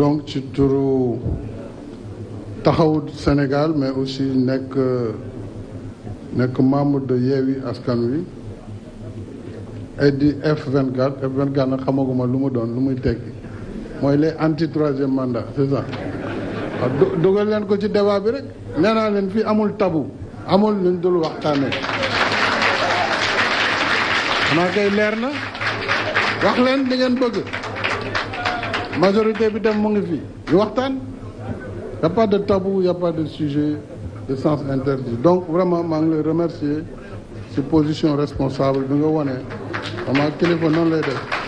donc ci turu taxawu Sénégal mais aussi nekk nekk membre de Yewwi Askan Wi et di F24 F24 nag xamaguma lu mu doon lu muy tekki mooy les anti troisième mandat c'est ça dugal leen ko ci débat bi rek nee naa leen fii amul tabu amul luñ dul waxtaanee xanaa kay leer na wax leen li ngeen bëgg majorité bi dem mu ngi fi ñu waxtaan y' a pas de tabou y' a pas de sujet de sens interdit donc vraiment maa ngi lay remercier ci position responsable bi nga wone xam nga kilifa noonu lay def.